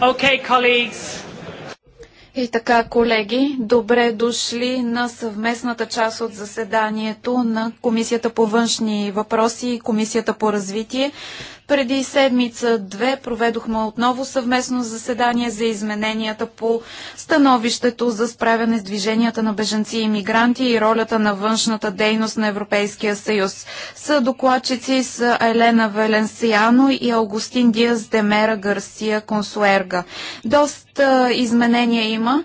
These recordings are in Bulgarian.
Okay, colleagues. И така, колеги, добре дошли на съвместната част от заседанието на Комисията по външни въпроси и Комисията по развитие. Преди седмица-две проведохме отново съвместно заседание за измененията по становището за справяне с движенията на бежанци и мигранти и ролята на външната дейност на Европейския съюз. Са докладчици с Елена Веленсияно и Аугустин Диас Демера Гарсия Консуерга. Доста изменения има.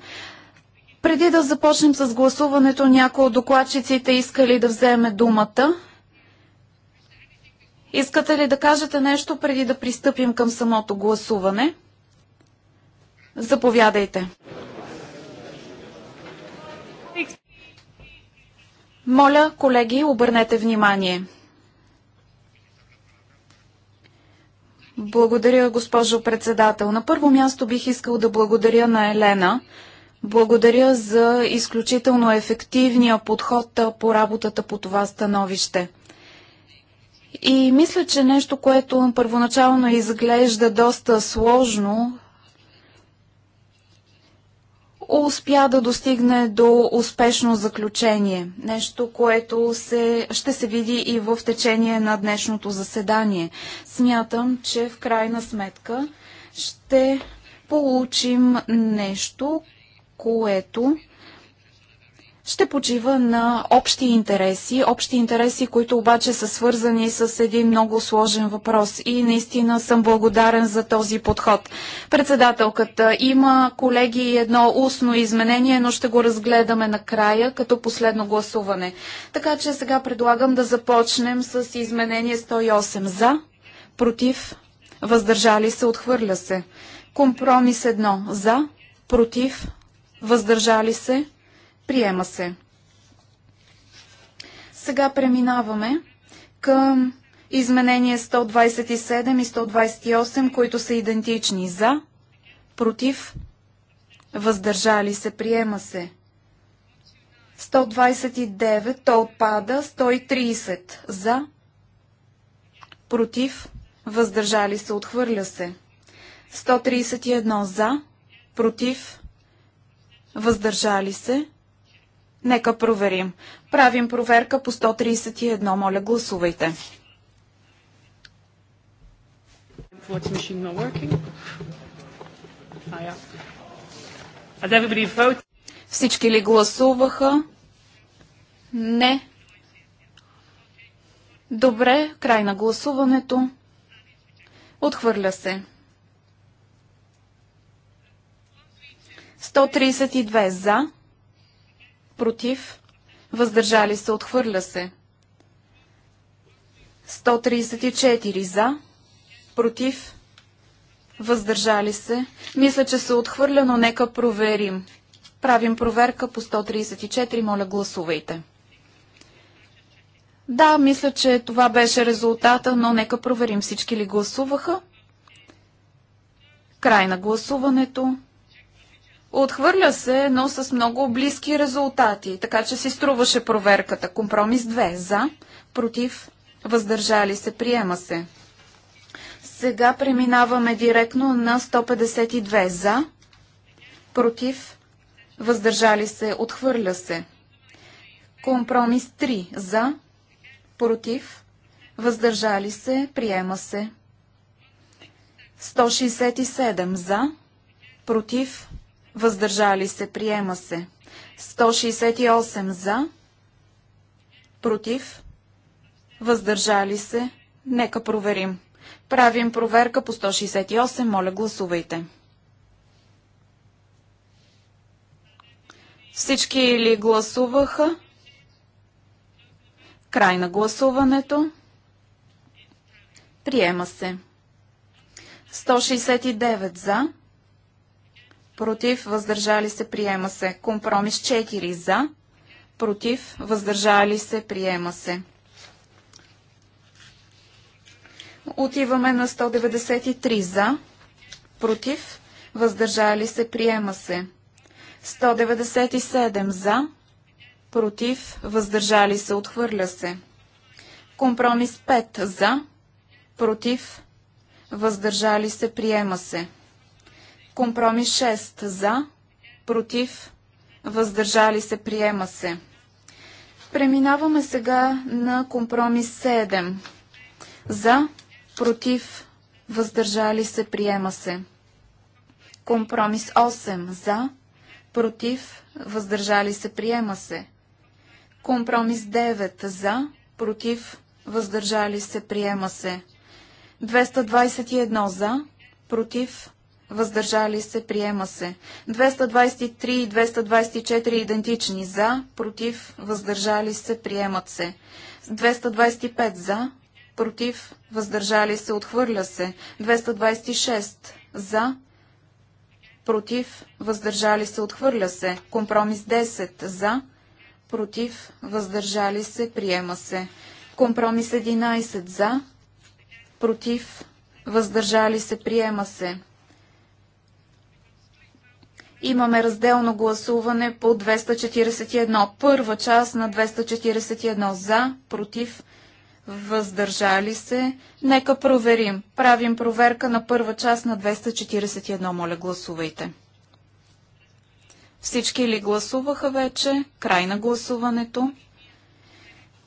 Преди да започнем с гласуването, някои от докладчиците искали да вземе думата. Искате ли да кажете нещо преди да пристъпим към самото гласуване? Заповядайте. Моля, колеги, обърнете внимание. Благодаря, госпожо председател. На първо място бих искал да благодаря на Елена. Благодаря за изключително ефективния подход по работата по това становище. И мисля, че нещо, което първоначално изглежда доста сложно, успя да достигне до успешно заключение. Нещо, което се, ще се види и в течение на днешното заседание. Смятам, че в крайна сметка ще получим нещо, което ще почива на общи интереси, общи интереси, които обаче са свързани с един много сложен въпрос и наистина съм благодарен за този подход. Председателката има, колеги, едно устно изменение, но ще го разгледаме накрая като последно гласуване. Така че сега предлагам да започнем с изменение 108 за, против, въздържали се, отхвърля се. Компромис 1 за, против, въздържали се, Приема се. Сега преминаваме към изменение 127 и 128, които са идентични за, против, въздържали се, приема се. 129, то отпада, 130 за, против, въздържали се, отхвърля се. 131 за, против, въздържали се, Нека проверим. Правим проверка по 131. Моля, гласувайте. Всички ли гласуваха? Не. Добре, край на гласуването. Отхвърля се. 132 за против, въздържали се, отхвърля се. 134 за, против, въздържали се. Мисля, че се отхвърля, но нека проверим. Правим проверка по 134, моля гласувайте. Да, мисля, че това беше резултата, но нека проверим всички ли гласуваха. Край на гласуването. Отхвърля се, но с много близки резултати, така че си струваше проверката. Компромис 2. За, против, въздържали се, приема се. Сега преминаваме директно на 152. За, против, въздържали се, отхвърля се. Компромис 3. За, против, въздържали се, приема се. 167. За, против, въздържали се, приема се. 168 за, против, въздържали се, нека проверим. Правим проверка по 168, моля гласувайте. Всички или гласуваха? Край на гласуването. Приема се. 169 за против, въздържали се, приема се. Компромис 4 за, против, въздържали се, приема се. Отиваме на 193 за, против, въздържали се, приема се. 197 за, против, въздържали се, отхвърля се. Компромис 5 за, против, въздържали се, приема се. Компромис 6. За, против, въздържали се, приема се. Преминаваме сега на компромис 7. За, против, въздържали се, приема се. Компромис 8. За, против, въздържали се, приема се. Компромис 9. За, против, въздържали се, приема се. 221 за, против, въздържали се, приема се. 223 и 224 идентични за, против, въздържали се, приемат се. 225 за, против, въздържали се, отхвърля се. 226 за, против, въздържали се, отхвърля се. Компромис 10 за, против, въздържали се, приема се. Компромис 11 за, против, въздържали се, приема се. Имаме разделно гласуване по 241. Първа част на 241 за, против, въздържали се. Нека проверим. Правим проверка на първа част на 241. Моля, гласувайте. Всички ли гласуваха вече? Край на гласуването.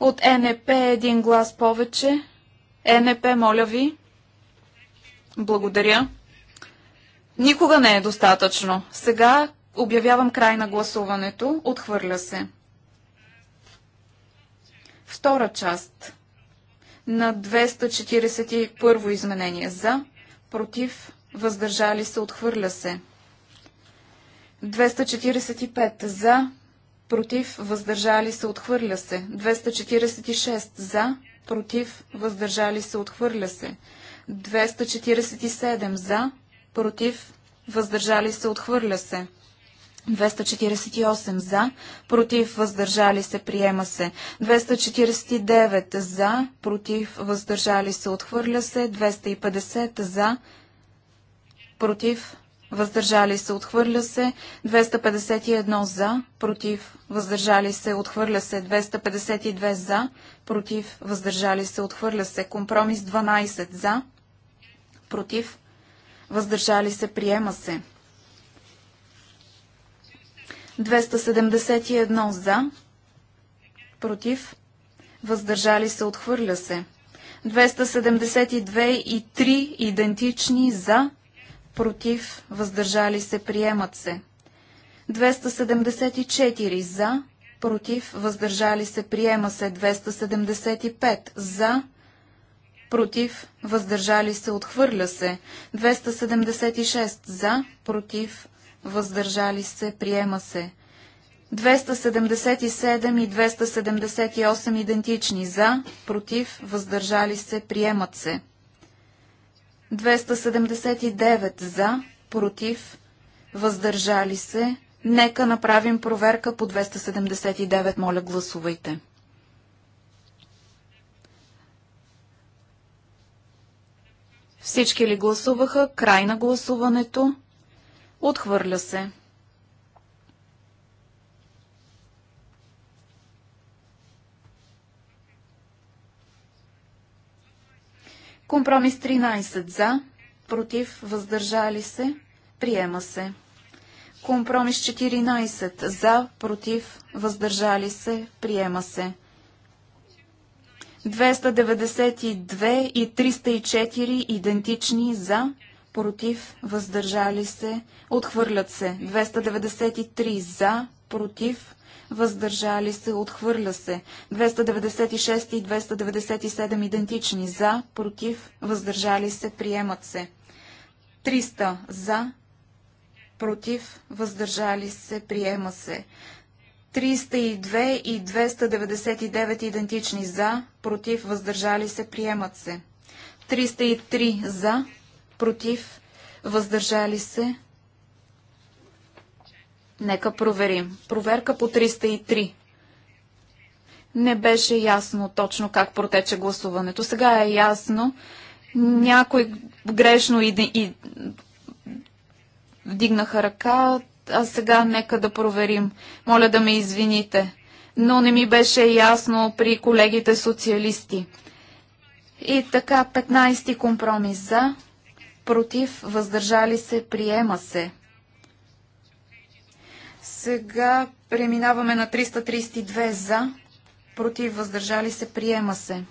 От НП един глас повече. НП, моля ви. Благодаря. Никога не е достатъчно. Сега обявявам край на гласуването. Отхвърля се. Втора част на 241 изменение за, против, въздържали се, отхвърля се. 245 за, против, въздържали се, отхвърля се. 246 за, против, въздържали се, отхвърля се. 247 за, против, въздържали се, отхвърля се. 248 за, против въздържали се, приема се. 249 за, против въздържали се, отхвърля се. 250 за, против въздържали се, отхвърля се. 251 за, против въздържали се, отхвърля се. 252 за, против въздържали се, отхвърля се. Компромис 12 за, против въздържали се, приема се. 271 за, против, въздържали се, отхвърля се. 272 и 3 идентични за, против, въздържали се, приемат се. 274 за, против, въздържали се, приема се. 275 за, против, въздържали се, отхвърля се. 276 за, против, въздържали се, приема се. 277 и 278 идентични за, против, въздържали се, приемат се. 279 за, против, въздържали се. Нека направим проверка по 279. Моля, гласувайте. Всички ли гласуваха? Край на гласуването. Отхвърля се. Компромис 13 за, против, въздържали се, приема се. Компромис 14 за, против, въздържали се, приема се. 292 и 304 идентични за, против, въздържали се, отхвърлят се. 293 за, против, въздържали се, отхвърля се. 296 и 297 идентични за, против, въздържали се, приемат се. 300 за, против, въздържали се, приема се. 302 и 299 идентични за, против, въздържали се, приемат се. 303 за, против, въздържали се. Нека проверим. Проверка по 303. Не беше ясно точно как протече гласуването. Сега е ясно. Някой грешно и, и вдигнаха ръка, а сега нека да проверим. Моля да ме извините, но не ми беше ясно при колегите социалисти. И така, 15 компромис за, против, въздържали се, приема се. Сега преминаваме на 332 за, против, въздържали се, приема се.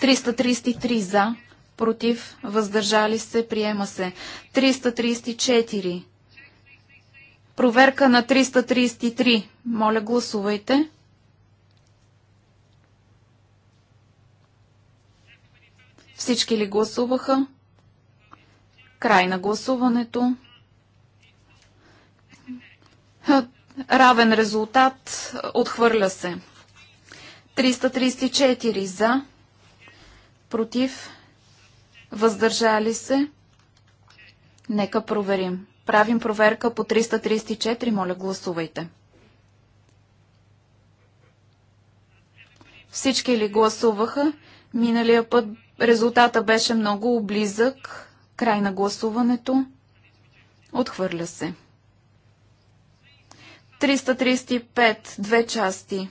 333 за, против, въздържали се, приема се. 334. Проверка на 333. Моля, гласувайте. Всички ли гласуваха? Край на гласуването. Равен резултат. Отхвърля се. 334 за. Против въздържали се. Нека проверим. Правим проверка по 334. Моля, гласувайте. Всички ли гласуваха? Миналия път резултата беше много близък. Край на гласуването. Отхвърля се. 335. Две части.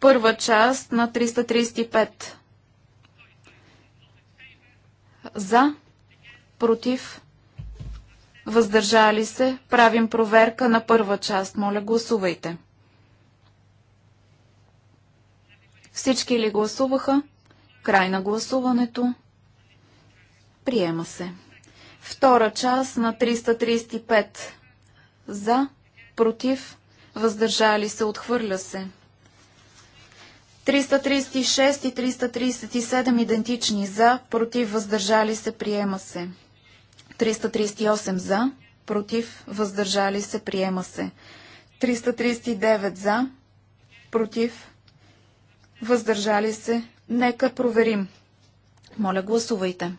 Първа част на 335 за, против, въздържали се. Правим проверка на първа част. Моля, гласувайте. Всички ли гласуваха? Край на гласуването. Приема се. Втора част на 335. За, против, въздържали се, отхвърля се. 336 и 337 идентични за, против въздържали се, приема се. 338 за, против въздържали се, приема се. 339 за, против въздържали се. Нека проверим. Моля, гласувайте.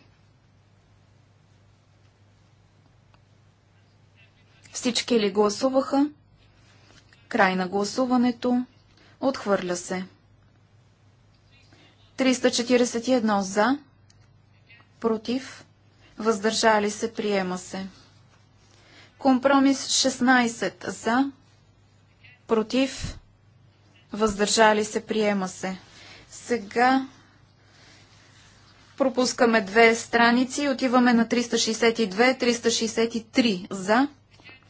Всички ли гласуваха? Край на гласуването. Отхвърля се. 341 за, против, въздържали се, приема се. Компромис 16 за, против, въздържали се, приема се. Сега пропускаме две страници и отиваме на 362-363 за,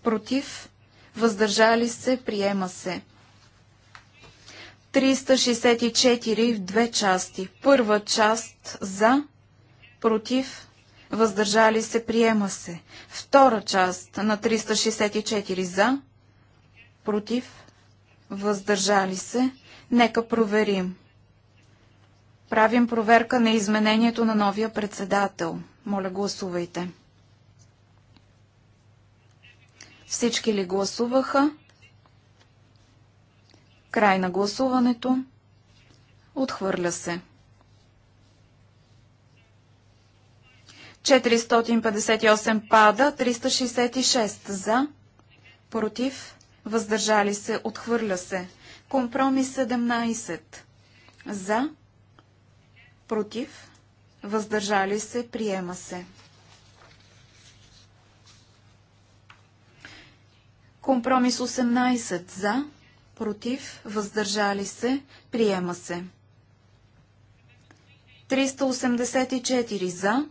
против, въздържали се, приема се. 364 в две части. Първа част за, против, въздържали се, приема се. Втора част на 364 за, против, въздържали се. Нека проверим. Правим проверка на изменението на новия председател. Моля, гласувайте. Всички ли гласуваха? Край на гласуването. Отхвърля се. 458 пада, 366 за, против, въздържали се, отхвърля се. Компромис 17 за, против, въздържали се, приема се. Компромис 18 за, против, въздържали се, приема се. 384 за,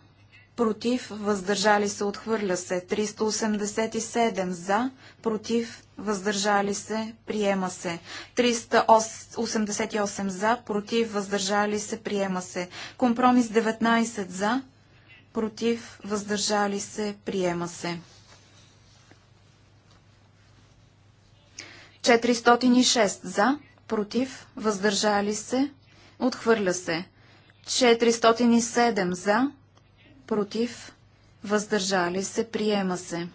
против, въздържали се, отхвърля се. 387 за, против, въздържали се, приема се. 388 за, против, въздържали се, приема се. Компромис 19 за, против, въздържали се, приема се. 406 за, против, въздържали се, отхвърля се. 407 за, против, въздържали се, приема се.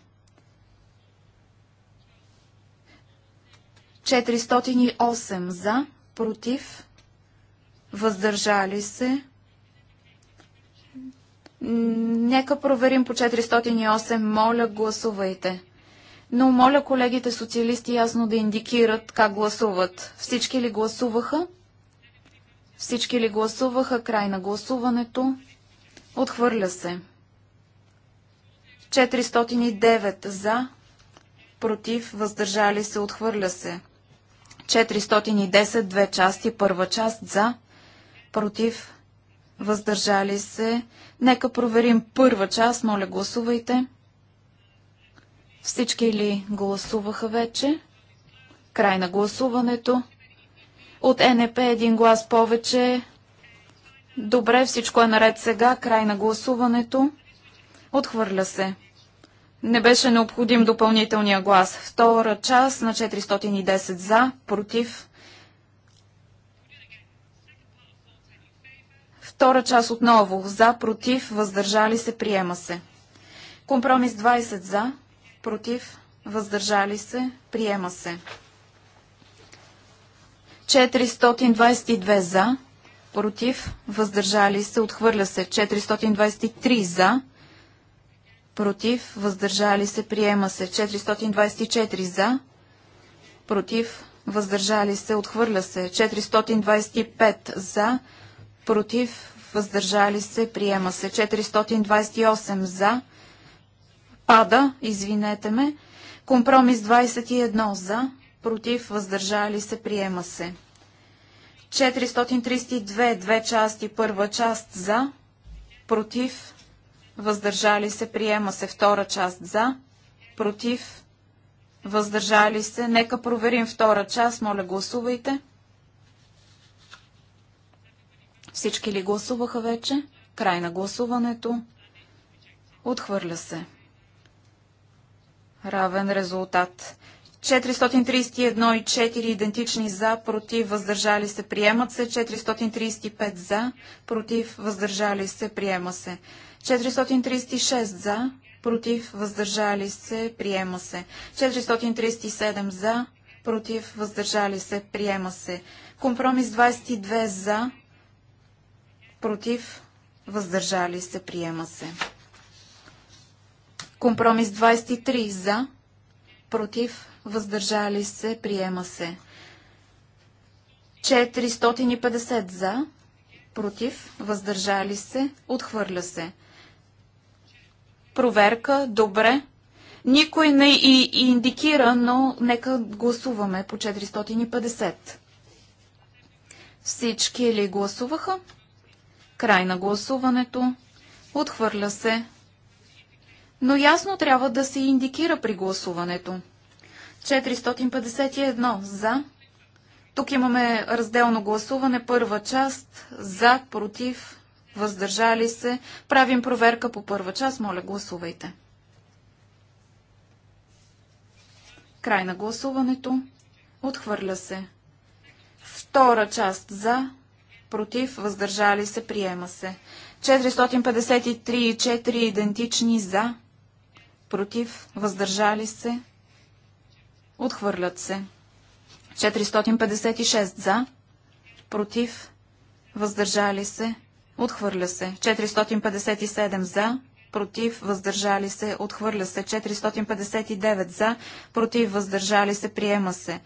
408 за, против, въздържали се. Нека проверим по 408. Моля, гласувайте но моля колегите социалисти ясно да индикират как гласуват. Всички ли гласуваха? Всички ли гласуваха? Край на гласуването. Отхвърля се. 409 за, против, въздържали се, отхвърля се. 410, две части, първа част за, против, въздържали се. Нека проверим първа част, моля гласувайте. Всички ли гласуваха вече? Край на гласуването. От НП един глас повече. Добре, всичко е наред сега. Край на гласуването. Отхвърля се. Не беше необходим допълнителния глас. Втора част на 410 за, против. Втора част отново. За, против, въздържали се, приема се. Компромис 20 за, против, въздържали се, приема се. 422 за, против, въздържали се, отхвърля се. 423 за, против, въздържали се, приема се. 424 за, против, въздържали се, отхвърля се. 425 за, против, въздържали се, приема се. 428 за, против, пада, извинете ме. Компромис 21 за, против, въздържали се, приема се. 432, две части, първа част за, против, въздържали се, приема се, втора част за, против, въздържали се. Нека проверим втора част, моля гласувайте. Всички ли гласуваха вече? Край на гласуването. Отхвърля се равен резултат. 431 и 4 идентични за, против, въздържали се, приемат се. 435 за, против, въздържали се, приема се. 436 за, против, въздържали се, приема се. 437 за, против, въздържали се, приема се. Компромис 22 за, против, въздържали се, приема се. Компромис 23 за, против, въздържали се, приема се. 450 за, против, въздържали се, отхвърля се. Проверка, добре. Никой не и, индикира, но нека гласуваме по 450. Всички ли гласуваха? Край на гласуването. Отхвърля се но ясно трябва да се индикира при гласуването. 451 за. Тук имаме разделно гласуване. Първа част за, против, въздържали се. Правим проверка по първа част. Моля, гласувайте. Край на гласуването. Отхвърля се. Втора част за, против, въздържали се, приема се. 453 и 4 идентични за, против, въздържали се, отхвърлят се. 456 за, против, въздържали се, отхвърля се. 457 за, против, въздържали се, отхвърля се. 459 за, против, въздържали се, приема се.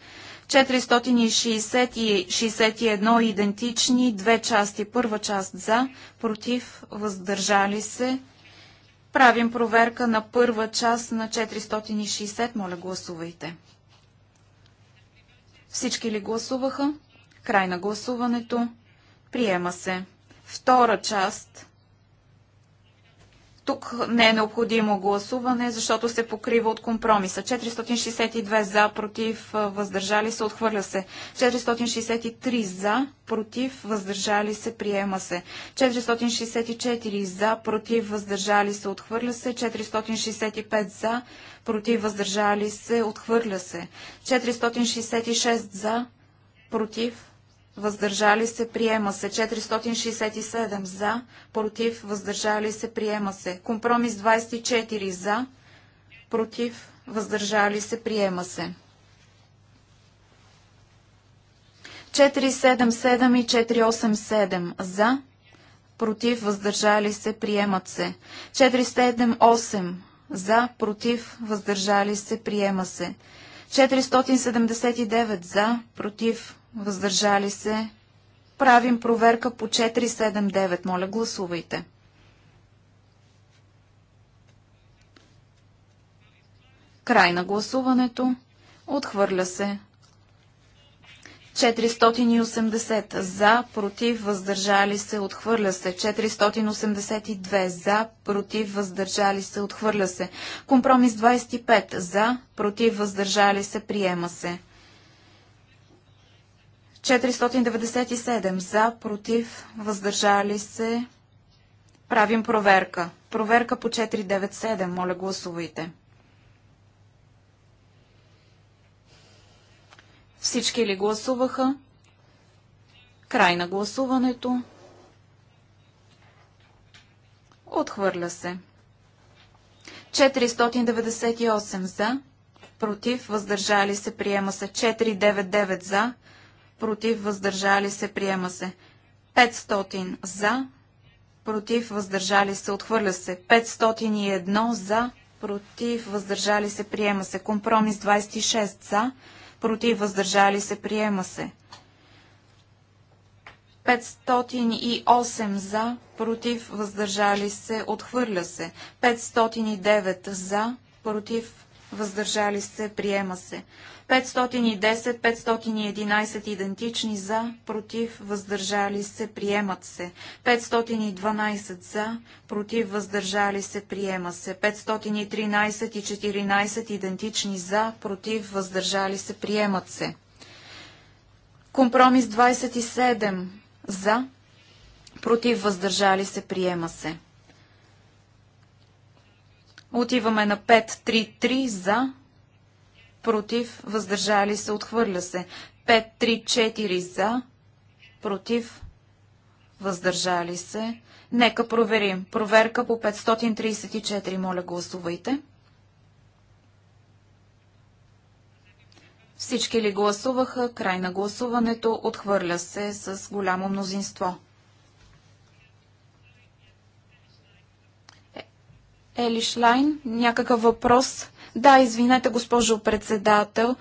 460 и 61 идентични, две части. Първа част за, против, въздържали се, Правим проверка на първа част на 460. Моля, гласувайте. Всички ли гласуваха? Край на гласуването. Приема се. Втора част тук не е необходимо гласуване, защото се покрива от компромиса. 462 за, против, въздържали се, отхвърля се. 463 за, против, въздържали се, приема се. 464 за, против, въздържали се, отхвърля се. 465 за, против, въздържали се, отхвърля се. 466 за, против, въздържали се, приема се. 467 за, против, въздържали се, приема се. Компромис 24 за, против, въздържали се, приема се. 477 и 487 за, против, въздържали се, приемат се. 478 за, против, въздържали се, приема се. 479 за, против, въздържали се. Правим проверка по 479. Моля, гласувайте. Край на гласуването. Отхвърля се. 480 за, против, въздържали се, отхвърля се. 482 за, против, въздържали се, отхвърля се. Компромис 25 за, против, въздържали се, приема се. 497 за, против, въздържали се. Правим проверка. Проверка по 497. Моля, гласувайте. Всички ли гласуваха? Край на гласуването. Отхвърля се. 498 за, против, въздържали се, приема се 499 за, против, въздържали се, приема се. 500 за, против, въздържали се, отхвърля се. 501 за, против, въздържали се, приема се. Компромис 26 за, против, въздържали се, приема се. 508 за, против, въздържали се, отхвърля се. 509 за, против, въздържали се, приема се. 510, 511 идентични за, против, въздържали се, приемат се. 512 за, против, въздържали се, приема се. 513 и 14 идентични за, против, въздържали се, приемат се. Компромис 27 за, против, въздържали се, приема се. Отиваме на 5-3-3 за, против, въздържали се, отхвърля се. 5-3-4 за, против, въздържали се. Нека проверим. Проверка по 534. Моля, гласувайте. Всички ли гласуваха? Край на гласуването отхвърля се с голямо мнозинство. Елишлайн, някакъв въпрос? Да, извинете, госпожо председател.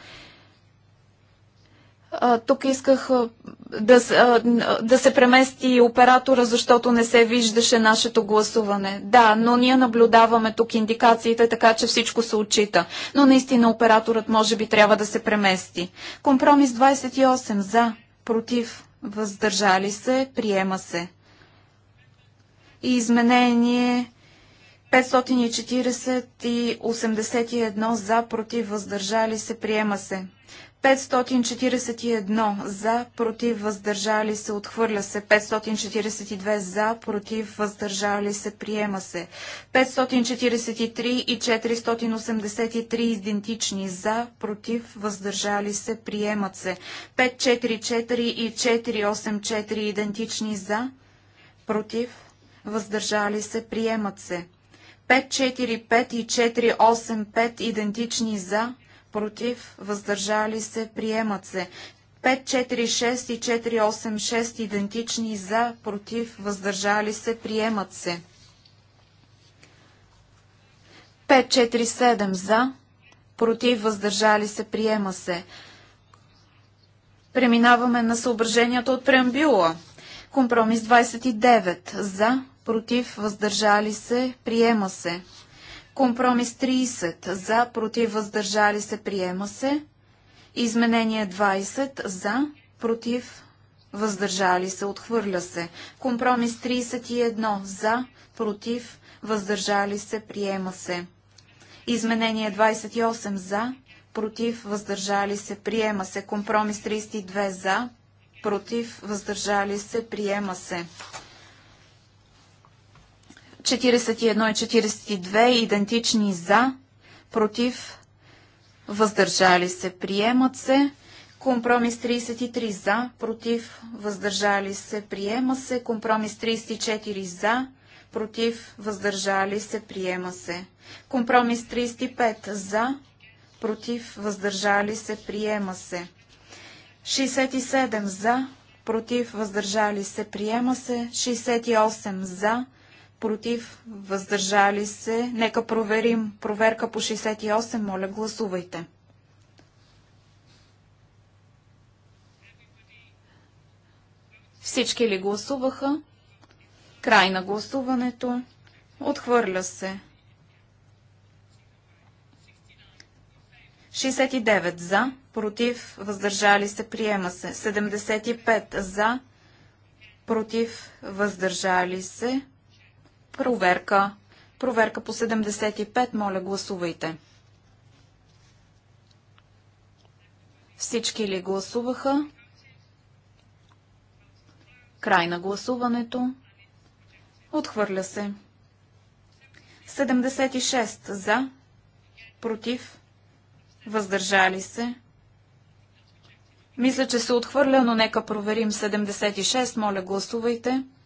А, тук исках а, да, а, да се премести оператора, защото не се виждаше нашето гласуване. Да, но ние наблюдаваме тук индикациите, така че всичко се отчита. Но наистина операторът може би трябва да се премести. Компромис 28 за, против, въздържали се, приема се. И изменение 540 и 81 за, против, въздържали се, приема се. 541 за, против, въздържали се, отхвърля се. 542 за, против, въздържали се, приема се. 543 и 483 идентични за, против, въздържали се, приемат се. 544 и 484 идентични за, против, въздържали се, приемат се. 545 и 485 идентични за, против, въздържали се, приемат се. 546 и 486 идентични за, против, въздържали се, приемат се. 547 за, против, въздържали се, приема се. Преминаваме на съображенията от преамбюла. Компромис 29 за, против, въздържали се, приема се. Компромис 30 за, против, въздържали се, приема се. Изменение 20 за, против, въздържали се, отхвърля се. Компромис 31 за, против, въздържали се, приема се. Изменение 28 за, против, въздържали се, приема се. Компромис 32 за, против, въздържали се, приема се. 41 и 42 идентични за, против, въздържали се, приемат се. Компромис 33 за, против, въздържали се, приема се. Компромис 34 за, против, въздържали се, приема се. Компромис 35 за, против, въздържали се, приема се. 67 за, против, въздържали се, приема се. 68 за, против, въздържали се. Нека проверим. Проверка по 68. Моля, гласувайте. Всички ли гласуваха? Край на гласуването. Отхвърля се. 69 за, против, въздържали се, приема се. 75 за, против, въздържали се, Проверка. Проверка по 75. Моля, гласувайте. Всички ли гласуваха? Край на гласуването. Отхвърля се. 76 за, против, въздържали се. Мисля, че се отхвърля, но нека проверим 76. Моля, гласувайте. Гласувайте.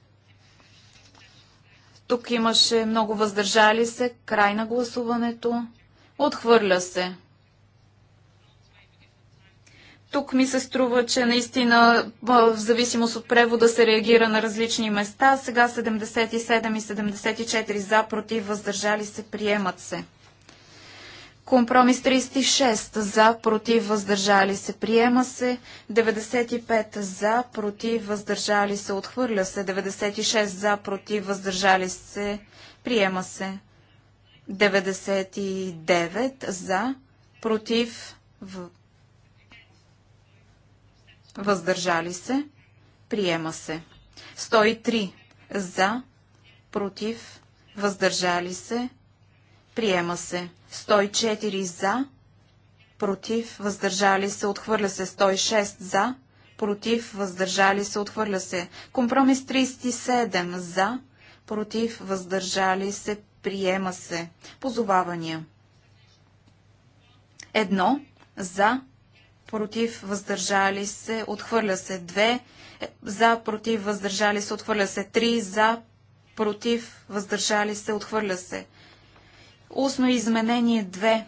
Тук имаше много въздържали се. Край на гласуването. Отхвърля се. Тук ми се струва, че наистина в зависимост от превода се реагира на различни места. Сега 77 и 74 за, против, въздържали се, приемат се. Компромис 36 за, против, въздържали се, приема се. 95 за, против, въздържали се, отхвърля се. 96 за, против, въздържали се, приема се. 99 за, против, въздържали се, приема се. 103 за, против, въздържали се, приема се. 104 за, против, въздържали се, отхвърля се 106 за, против, въздържали се, отхвърля се. Компромис 37 за, против, въздържали се, приема се. Позовавания. Едно за, против, въздържали се, отхвърля се. Две за, против, въздържали се, отхвърля се. Три за, против, въздържали се, отхвърля се. Устно изменение 2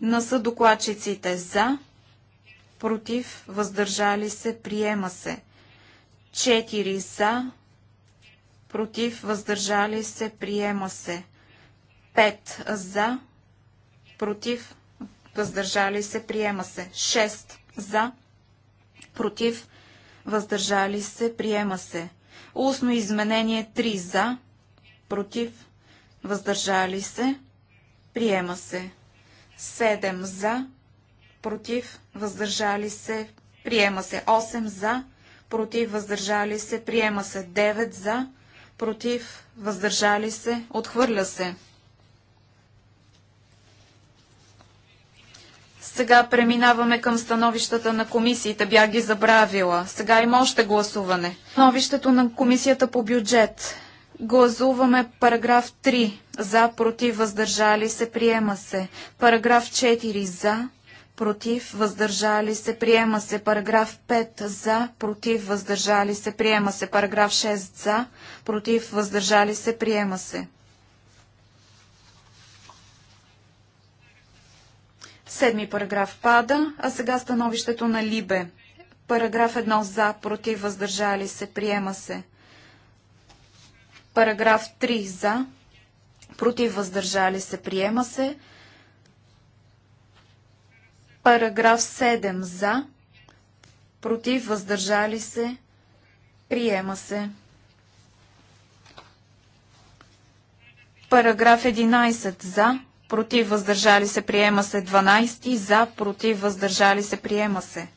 на съдокладчиците за, против, въздържали се, приема се. 4 за, против, въздържали се, приема се. 5 за, против, въздържали се, приема се. 6 за, против, въздържали се, приема се. Устно изменение 3 за, против, въздържали се, Приема се. 7 за, против, въздържали се, приема се. 8 за, против, въздържали се, приема се. 9 за, против, въздържали се, отхвърля се. Сега преминаваме към становищата на комисиите. Бях ги забравила. Сега има още гласуване. Становището на комисията по бюджет. Гласуваме параграф 3. За, против, въздържали се, приема се. Параграф 4. За, против, въздържали се, приема се. Параграф 5. За, против, въздържали се, приема се. Параграф 6. За, против, въздържали се, приема се. Седми параграф пада, а сега становището на Либе. Параграф 1. За, против, въздържали се, приема се. Параграф 3 за, против въздържали се, приема се. Параграф 7 за, против въздържали се, приема се. Параграф 11 за, против въздържали се, приема се. 12 за, против въздържали се, приема се.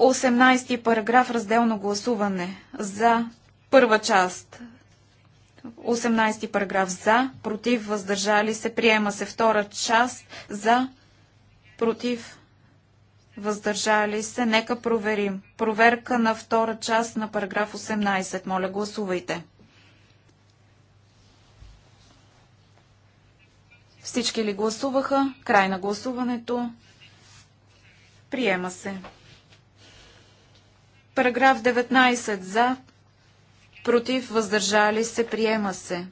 18 параграф разделно гласуване за първа част. 18 параграф за, против, въздържали се, приема се втора част за, против, въздържали се. Нека проверим. Проверка на втора част на параграф 18. Моля, гласувайте. Всички ли гласуваха? Край на гласуването. Приема се. Параграф 19. За, против, въздържали се, приема се.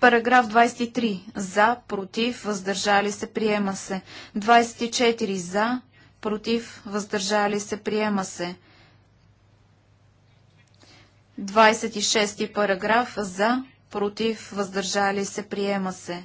Параграф 23. За, против, въздържали се, приема се. 24. За, против, въздържали се, приема се. 26 параграф за, против, въздържали се, приема се.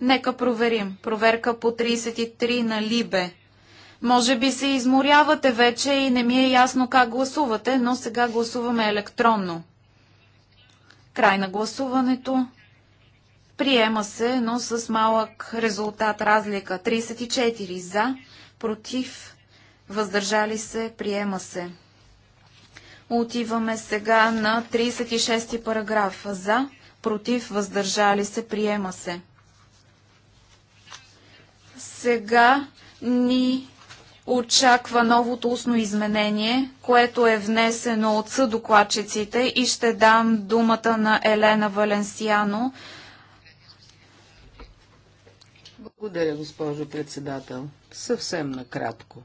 Нека проверим. Проверка по 33 на Либе. Може би се изморявате вече и не ми е ясно как гласувате, но сега гласуваме електронно. Край на гласуването. Приема се, но с малък резултат разлика. 34 за, против, въздържали се, приема се. Отиваме сега на 36 параграф. За, против, въздържали се, приема се. Сега ни очаква новото устно изменение, което е внесено от съдокладчиците и ще дам думата на Елена Валенсиано. Благодаря, госпожо председател. Съвсем накратко.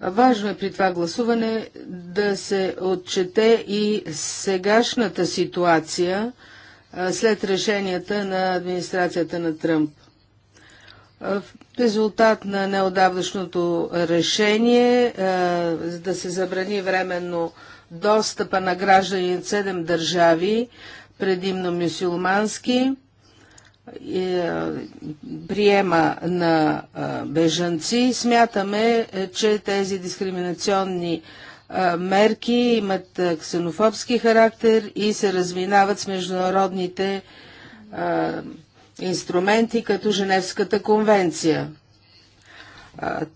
Важно е при това гласуване да се отчете и сегашната ситуация – след решенията на администрацията на Тръмп. В резултат на неодавнашното решение да се забрани временно достъпа на граждани от седем държави, предимно мюсюлмански, приема на бежанци, смятаме, е, че тези дискриминационни мерки имат ксенофобски характер и се разминават с международните инструменти, като Женевската конвенция.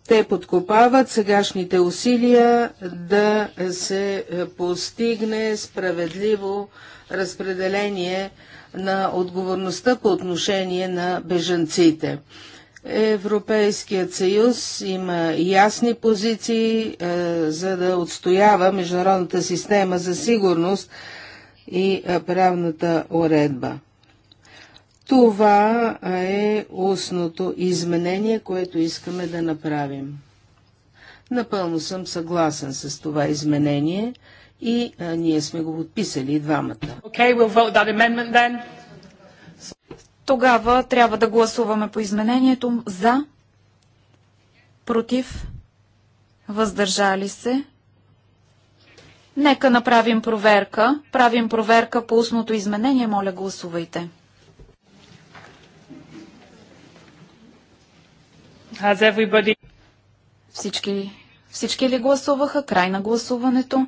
те подкопават сегашните усилия да се постигне справедливо разпределение на отговорността по отношение на бежанците. Европейският съюз има ясни позиции, е, за да отстоява международната система за сигурност и е, правната уредба. Това е устното изменение, което искаме да направим. Напълно съм съгласен с това изменение и е, ние сме го подписали двамата. Okay, we'll vote that amendment then. Тогава трябва да гласуваме по изменението за, против, въздържали се. Нека направим проверка. Правим проверка по устното изменение. Моля, гласувайте. Всички, всички ли гласуваха? Край на гласуването.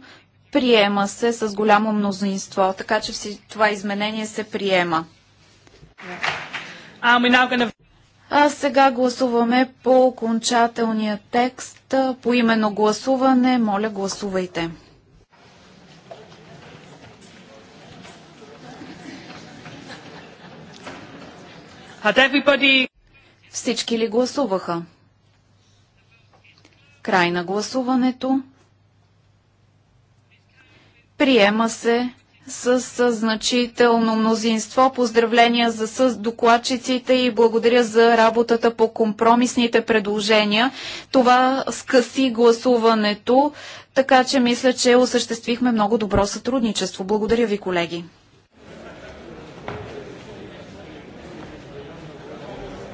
Приема се с голямо мнозинство, така че това изменение се приема. Um, а сега гласуваме по окончателния текст, по именно гласуване. Моля, гласувайте. Всички ли гласуваха? Край на гласуването. Приема се с значително мнозинство. Поздравления за с докладчиците и благодаря за работата по компромисните предложения. Това скъси гласуването, така че мисля, че осъществихме много добро сътрудничество. Благодаря ви, колеги.